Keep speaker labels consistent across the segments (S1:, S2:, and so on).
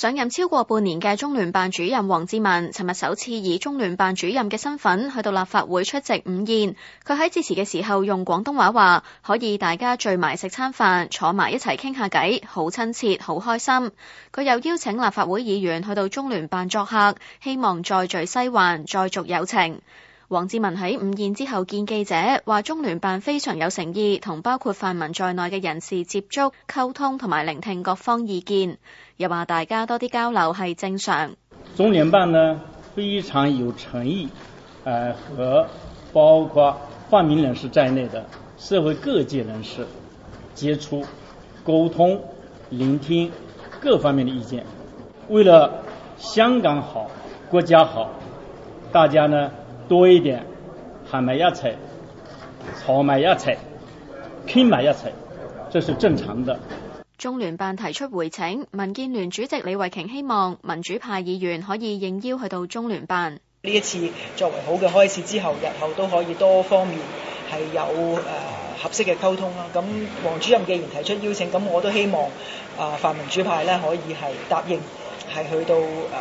S1: 上任超過半年嘅中聯辦主任王志民尋日首次以中聯辦主任嘅身份去到立法會出席午宴。佢喺致辭嘅時候用廣東話話：可以大家聚埋食餐飯，坐埋一齊傾下偈，好親切，好開心。佢又邀請立法會議員去到中聯辦作客，希望再聚西環，再續友情。王志民喺午宴之後見記者，話中聯辦非常有誠意，同包括泛民在內嘅人士接觸、溝通同埋聆聽各方意見，又話大家多啲交流係正常。
S2: 中聯辦呢非常有誠意，誒、呃，和包括泛民人士在內的社會各界人士接觸、溝通、聆聽各方面嘅意見，為了香港好、國家好，大家呢。多一點，係埋一齊、坐埋一齊、傾埋一齊，這是正常的。
S1: 中聯辦提出回請，民建聯主席李慧瓊希望民主派議員可以應邀去到中聯辦。呢一次作為好嘅開始之後，日後都可以多方面係有誒、呃、合適嘅溝通啦。咁王主任既然提出邀請，咁我都希望啊、呃、泛民主派咧可以係答應係去到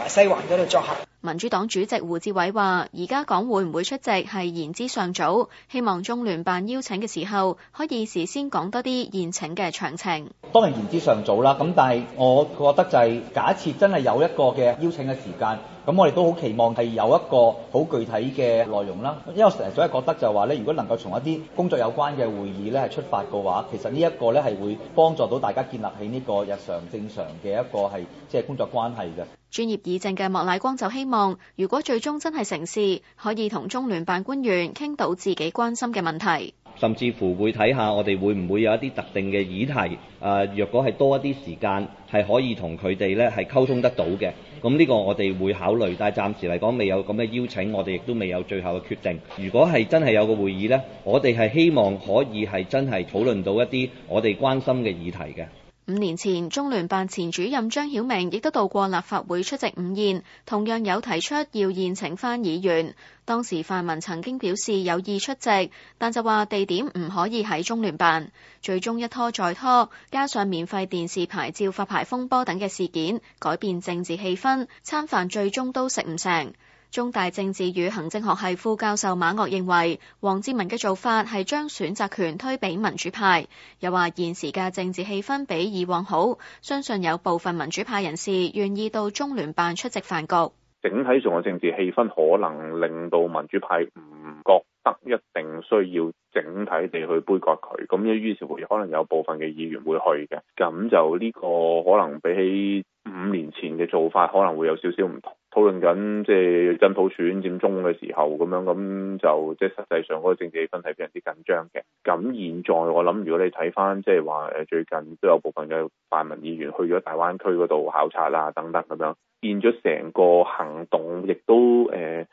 S1: 誒西環嗰度作客。民主黨主席胡志偉話：而家講，會唔會出席係言之尚早，希望中聯辦邀請嘅時候，可以事先講多啲宴請嘅詳情。
S2: 當然言之尚早啦，咁但係我覺得就係、是、假設真係有一個嘅邀請嘅時間。咁我哋都好期望係有一個好具體嘅內容啦，因為成日都係覺得就係話咧，如果能夠從一啲工作有關嘅會議咧係出發嘅話，其實呢一個咧係會幫助到大家建立起呢個日常正常嘅一個係即係工作
S1: 關係嘅。專業議政嘅莫乃光就希望，如果最終真係成事，可以同中聯辦官員傾到自己關心嘅問題。
S2: 甚至乎會睇下我哋會唔會有一啲特定嘅議題，誒若果係多一啲時間，係可以同佢哋咧係溝通得到嘅，咁呢個我哋會考慮，但係暫時嚟講未有咁嘅邀請，我哋亦都未有最後嘅決定。如果係真係有個會議呢，我哋係希望可以係真係討論到一啲我哋關心嘅議題嘅。
S1: 五年前，中聯辦前主任張曉明亦都到過立法會出席午宴，同樣有提出要宴請翻議員。當時泛民曾經表示有意出席，但就話地點唔可以喺中聯辦。最終一拖再拖，加上免費電視牌照發牌風波等嘅事件，改變政治氣氛，餐飯最終都食唔成。中大政治與行政學系副教授馬岳認為，王志民嘅做法係將選擇權推俾民主派，又話現時嘅政治氣氛比以往好，相信有部分民主派人士願意到中聯辦出席飯局。
S3: 整體上嘅政治氣氛可能令到民主派唔覺得一定需要整體地去杯葛佢，咁一於是乎可能有部分嘅議員會去嘅，咁就呢個可能比起五年前嘅做法可能會有少少唔同。討論緊即係真普選佔中嘅時候咁樣，咁就即係實際上嗰個政治氣氛係非常之緊張嘅。咁現在我諗，如果你睇翻即係話誒，最近都有部分嘅泛民議員去咗大灣區嗰度考察啦，等等咁樣，變咗成個行動，亦都誒、呃、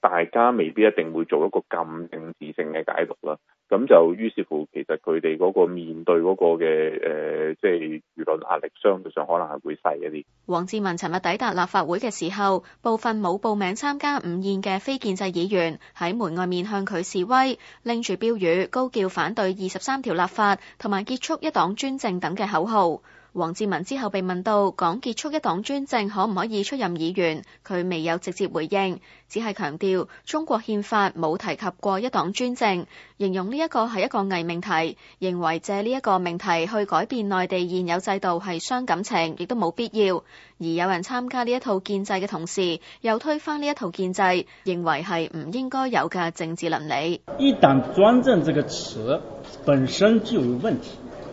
S3: 大家未必一定會做一個咁政治性嘅解讀啦。咁就於是乎，其實佢哋嗰個面對嗰個嘅即係輿論壓力，相對上可能係會細一啲。
S1: 王志民尋日抵達立法會嘅時候，部分冇報名參加午宴嘅非建制議員喺門外面向佢示威，拎住標語，高叫反對二十三條立法同埋結束一黨專政等嘅口號。王志民之後被問到講，結束一黨專政，可唔可以出任議員？佢未有直接回應，只係強調中國憲法冇提及過一黨專政，形容呢一個係一個偽命題，認為借呢一個命題去改變內地現有制度係傷感情，亦都冇必要。而有人參加呢一套建制嘅同時，又推翻呢一套建制，認為係唔應該有嘅政治倫理。
S2: 一黨專政這個詞本身就有問題，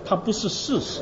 S2: 它不是事實。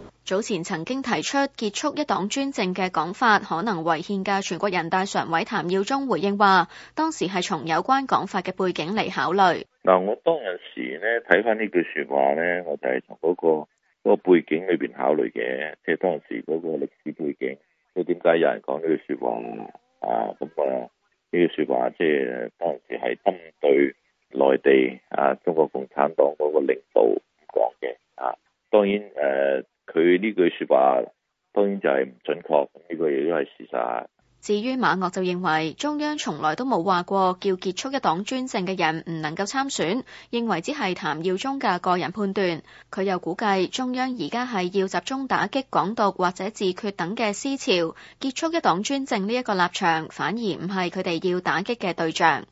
S1: 早前曾經提出結束一黨專政嘅講法，可能違憲嘅全國人大常委譚耀宗回應話，當時係從有關講法嘅背景嚟考慮。
S3: 嗱、嗯，我當陣時咧睇翻呢句說話咧，我係從、嗰個嗰、嗰個背景裏邊考慮嘅，即、就、係、是、當時嗰個歷史背景。即係點解有人講呢句說話啊？咁、嗯、啊，呢句說話即係當時係針對內地啊，中國共產黨嗰個領導講嘅啊。當然誒。啊佢呢句說話當然就係唔準確，呢個亦都係事實。
S1: 至於馬嶽就認為中央從來都冇話過叫結束一黨專政嘅人唔能夠參選，認為只係譚耀宗嘅個人判斷，佢又估計中央而家係要集中打擊港獨或者自決等嘅思潮，結束一黨專政呢一個立場反而唔係佢哋要打擊嘅對象。